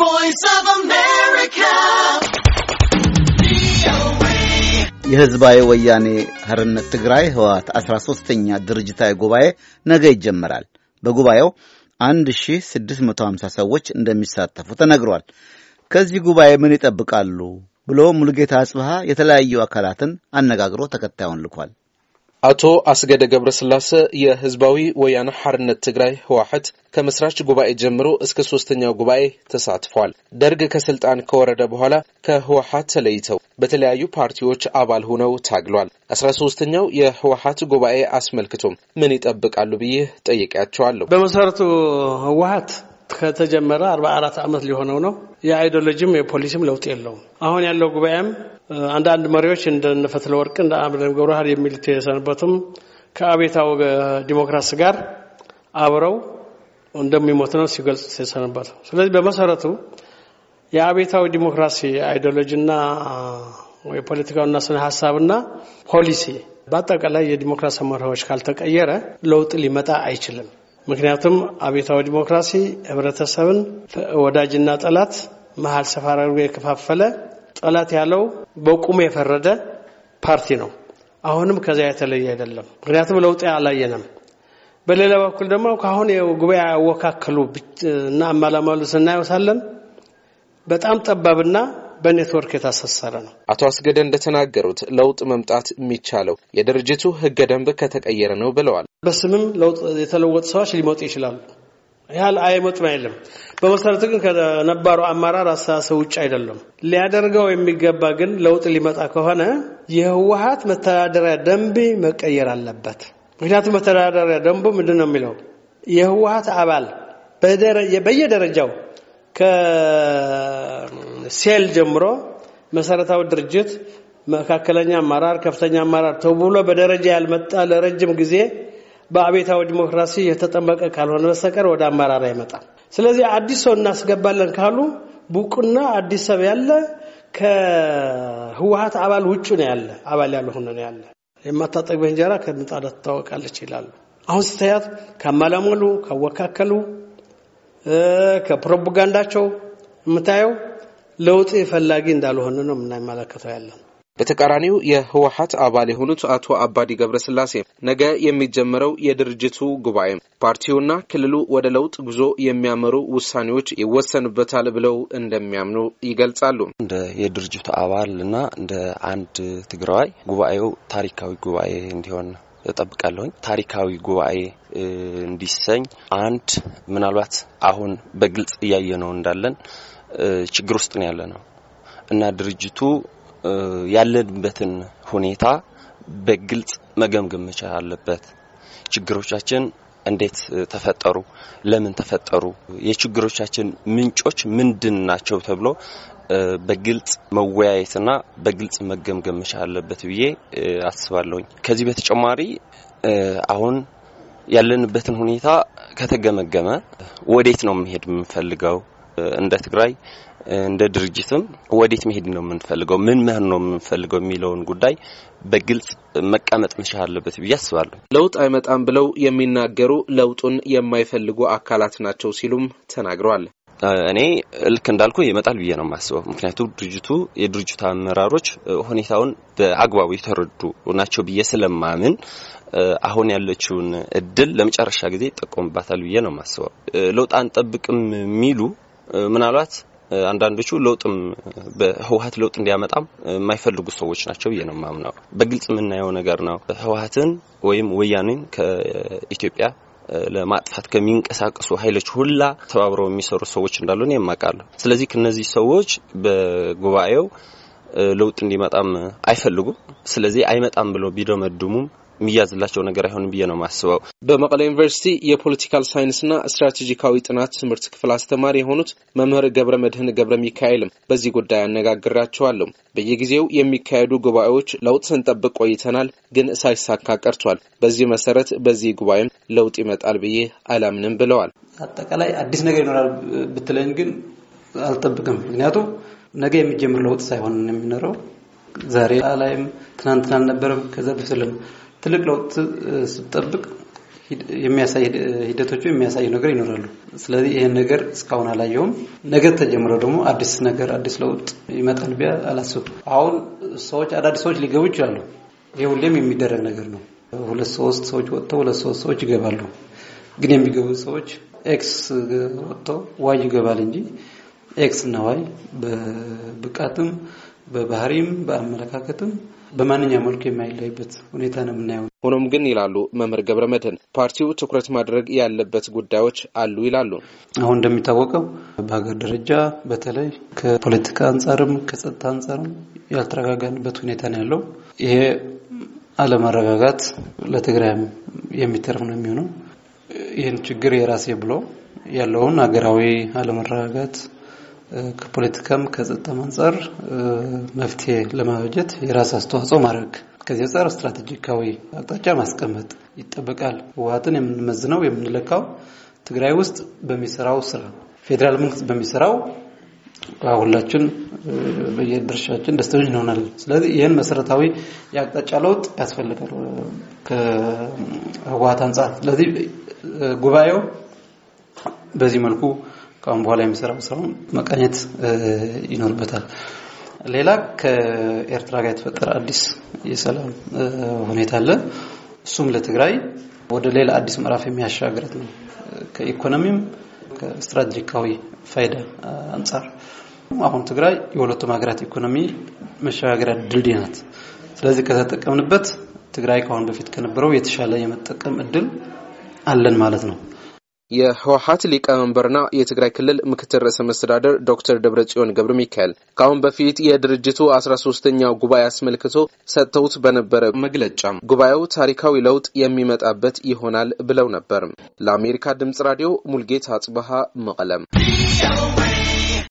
voice of America. የህዝባዊ ወያኔ ሀርነት ትግራይ ህወሓት 13ኛ ድርጅታዊ ጉባኤ ነገ ይጀመራል። በጉባኤው 1650 ሰዎች እንደሚሳተፉ ተነግሯል። ከዚህ ጉባኤ ምን ይጠብቃሉ ብሎ ሙልጌታ አጽብሃ የተለያዩ አካላትን አነጋግሮ ተከታዩን ልኳል። አቶ አስገደ ገብረስላሴ የህዝባዊ ወያነ ሐርነት ትግራይ ህወሓት ከመስራች ጉባኤ ጀምሮ እስከ ሶስተኛው ጉባኤ ተሳትፏል። ደርግ ከስልጣን ከወረደ በኋላ ከህወሓት ተለይተው በተለያዩ ፓርቲዎች አባል ሆነው ታግሏል። አስራ ሶስተኛው የህወሓት ጉባኤ አስመልክቶም ምን ይጠብቃሉ ብዬ ጠይቄያቸዋለሁ። በመሰረቱ ህወሓት ከተጀመረ አርባ አራት ዓመት ሊሆነው ነው። የአይዲዮሎጂም የፖሊሲም ለውጥ የለውም። አሁን ያለው ጉባኤም አንዳንድ መሪዎች እንደነ ወርቅ እንደ አምደም ገብረሃር የሚሉት የሰነበቱም ከአቤታው ዲሞክራሲ ጋር አብረው እንደሚሞት ነው ሲገልጹት የሰነበቱ። ስለዚህ በመሰረቱ የአቤታዊ ዲሞክራሲ አይዲዮሎጂና የፖለቲካውና ስነ ሀሳብና ፖሊሲ በአጠቃላይ የዲሞክራሲ መርሆዎች ካልተቀየረ ለውጥ ሊመጣ አይችልም። ምክንያቱም አብዮታዊ ዲሞክራሲ ህብረተሰብን ወዳጅና ጠላት መሀል ሰፋ አድርጎ የከፋፈለ ጠላት ያለው በቁሙ የፈረደ ፓርቲ ነው። አሁንም ከዚያ የተለየ አይደለም። ምክንያቱም ለውጥ አላየንም። በሌላ በኩል ደግሞ ከአሁን ጉባኤ ያወካከሉ እና አማላማሉ ስናየውሳለን በጣም ጠባብና በኔትወርክ የታሰሰረ ነው። አቶ አስገደ እንደተናገሩት ለውጥ መምጣት የሚቻለው የድርጅቱ ህገ ደንብ ከተቀየረ ነው ብለዋል። በስምም ለውጥ የተለወጡ ሰዎች ሊመጡ ይችላሉ። ያህል አይመጡም አይደለም። በመሰረቱ ግን ከነባሩ አመራር አስተሳሰብ ውጭ አይደለም። ሊያደርገው የሚገባ ግን ለውጥ ሊመጣ ከሆነ የህወሀት መተዳደሪያ ደንብ መቀየር አለበት። ምክንያቱም መተዳደሪያ ደንቡ ምንድን ነው የሚለው የህወሀት አባል በየደረጃው ከሴል ጀምሮ መሰረታዊ ድርጅት፣ መካከለኛ አመራር፣ ከፍተኛ አመራር ተብሎ በደረጃ ያልመጣ ለረጅም ጊዜ በአቤታዊ ዲሞክራሲ የተጠመቀ ካልሆነ በስተቀር ወደ አመራር አይመጣም። ስለዚህ አዲስ ሰው እናስገባለን ካሉ ቡቁና አዲስ ሰብ ያለ ከህወሀት አባል ውጭ ነው ያለ አባል ያልሆነ ነው ያለ። የማታጠግበህ እንጀራ ከምጣዷ ትታወቃለች ይላሉ። አሁን ስታያት ከአማላሞሉ፣ ከወካከሉ ከፕሮፓጋንዳቸው የምታየው ለውጥ ፈላጊ እንዳልሆነ ነው የምናመለከተው ያለን በተቃራኒው የህወሀት አባል የሆኑት አቶ አባዲ ገብረስላሴ ነገ የሚጀመረው የድርጅቱ ጉባኤ ፓርቲውና ክልሉ ወደ ለውጥ ጉዞ የሚያመሩ ውሳኔዎች ይወሰኑበታል ብለው እንደሚያምኑ ይገልጻሉ። እንደ የድርጅቱ አባል እና እንደ አንድ ትግራዋይ ጉባኤው ታሪካዊ ጉባኤ እንዲሆን እጠብቃለሁኝ። ታሪካዊ ጉባኤ እንዲሰኝ አንድ ምናልባት አሁን በግልጽ እያየ ነው እንዳለን ችግር ውስጥ ነው ያለ ነው እና ድርጅቱ ያለንበትን ሁኔታ በግልጽ መገምገም መቻል አለበት። ችግሮቻችን እንዴት ተፈጠሩ? ለምን ተፈጠሩ? የችግሮቻችን ምንጮች ምንድን ናቸው? ተብሎ በግልጽ መወያየትና በግልጽ መገምገም መቻል አለበት ብዬ አስባለሁኝ። ከዚህ በተጨማሪ አሁን ያለንበትን ሁኔታ ከተገመገመ ወዴት ነው መሄድ የምንፈልገው እንደ ትግራይ እንደ ድርጅትም ወዴት መሄድ ነው የምንፈልገው፣ ምን መሆን ነው የምንፈልገው የሚለውን ጉዳይ በግልጽ መቀመጥ መቻል አለበት ብዬ አስባለሁ። ለውጥ አይመጣም ብለው የሚናገሩ ለውጡን የማይፈልጉ አካላት ናቸው ሲሉም ተናግረዋል። እኔ ልክ እንዳልኩ ይመጣል ብዬ ነው የማስበው። ምክንያቱም ድርጅቱ የድርጅቱ አመራሮች ሁኔታውን በአግባቡ የተረዱ ናቸው ብዬ ስለማምን አሁን ያለችውን እድል ለመጨረሻ ጊዜ ይጠቀሙባታል ብዬ ነው የማስበው። ለውጥ አንጠብቅም የሚሉ ምናልባት አንዳንዶቹ ለውጥም በህወሀት ለውጥ እንዲያመጣም የማይፈልጉ ሰዎች ናቸው ብዬ ነው ማምነው። በግልጽ የምናየው ነገር ነው። ህወሀትን ወይም ወያኔን ከኢትዮጵያ ለማጥፋት ከሚንቀሳቀሱ ኃይሎች ሁላ ተባብረው የሚሰሩ ሰዎች እንዳሉ ነው የማውቃለሁ። ስለዚህ ከነዚህ ሰዎች በጉባኤው ለውጥ እንዲመጣም አይፈልጉም። ስለዚህ አይመጣም ብለው ቢደመድሙም የሚያዝላቸው ነገር አይሆንም ብዬ ነው ማስበው። በመቀለ ዩኒቨርሲቲ የፖለቲካል ሳይንስና ስትራቴጂካዊ ጥናት ትምህርት ክፍል አስተማሪ የሆኑት መምህር ገብረ መድህን ገብረ ሚካኤልም በዚህ ጉዳይ አነጋግራቸዋለሁ። በየጊዜው የሚካሄዱ ጉባኤዎች ለውጥ ስንጠብቅ ቆይተናል፣ ግን ሳይሳካ ቀርቷል። በዚህ መሰረት በዚህ ጉባኤም ለውጥ ይመጣል ብዬ አላምንም ብለዋል። አጠቃላይ አዲስ ነገር ይኖራል ብትለኝ ግን አልጠብቅም። ምክንያቱም ነገ የሚጀምር ለውጥ ሳይሆን የሚኖረው ዛሬ ላይም ትናንትና አልነበረም ከዛ በፊት ትልቅ ለውጥ ስጠብቅ የሚያሳይ ሂደቶቹ የሚያሳይ ነገር ይኖራሉ። ስለዚህ ይህን ነገር እስካሁን አላየውም። ነገር ተጀምሮ ደግሞ አዲስ ነገር አዲስ ለውጥ ይመጣል ቢያ አላስብም። አሁን ሰዎች አዳዲስ ሰዎች ሊገቡ ይችላሉ። ይህ ሁሌም የሚደረግ ነገር ነው። ሁለት ሶስት ሰዎች ወጥተው ሁለት ሶስት ሰዎች ይገባሉ። ግን የሚገቡ ሰዎች ኤክስ ወጥተው ዋይ ይገባል እንጂ ኤክስ እና ዋይ በብቃትም በባህሪም በአመለካከትም በማንኛውም መልኩ የማይለይበት ሁኔታ ነው የምናየው። ሆኖም ግን ይላሉ መምህር ገብረ መድህን ፓርቲው ትኩረት ማድረግ ያለበት ጉዳዮች አሉ ይላሉ። አሁን እንደሚታወቀው በሀገር ደረጃ በተለይ ከፖለቲካ አንጻርም ከጸጥታ አንጻርም ያልተረጋጋንበት ሁኔታ ነው ያለው። ይሄ አለመረጋጋት ለትግራይም የሚተርፍ ነው የሚሆነው። ይህን ችግር የራሴ ብሎ ያለውን ሀገራዊ አለመረጋጋት ከፖለቲካም ከጸጥታም አንጻር መፍትሄ ለማበጀት የራስ አስተዋጽኦ ማድረግ ከዚህ አንጻር ስትራቴጂካዊ አቅጣጫ ማስቀመጥ ይጠበቃል። ህወሓትን የምንመዝነው የምንለካው ትግራይ ውስጥ በሚሰራው ስራ፣ ፌዴራል መንግስት በሚሰራው ሁላችን በየድርሻችን ደስተኞች እንሆናለን። ስለዚህ ይህን መሰረታዊ የአቅጣጫ ለውጥ ያስፈልጋል ከህወሓት አንጻር። ስለዚህ ጉባኤው በዚህ መልኩ ከአሁን በኋላ የሚሰራው ስራውን መቃኘት ይኖርበታል። ሌላ ከኤርትራ ጋር የተፈጠረ አዲስ የሰላም ሁኔታ አለ። እሱም ለትግራይ ወደ ሌላ አዲስ ምዕራፍ የሚያሻግረት ነው። ከኢኮኖሚም ከስትራቴጂካዊ ፋይዳ አንጻር አሁን ትግራይ የሁለቱም ሀገራት ኢኮኖሚ መሸጋገሪያ ድልድይ ናት። ስለዚህ ከተጠቀምንበት ትግራይ ከአሁን በፊት ከነበረው የተሻለ የመጠቀም እድል አለን ማለት ነው። የህወሀት ሊቀመንበርና የትግራይ ክልል ምክትል ርዕሰ መስተዳደር ዶክተር ደብረጽዮን ገብረ ሚካኤል ከአሁን በፊት የድርጅቱ አስራ ሶስተኛው ጉባኤ አስመልክቶ ሰጥተውት በነበረ መግለጫ ጉባኤው ታሪካዊ ለውጥ የሚመጣበት ይሆናል ብለው ነበር። ለአሜሪካ ድምጽ ራዲዮ ሙልጌታ አጽበሃ መቀለም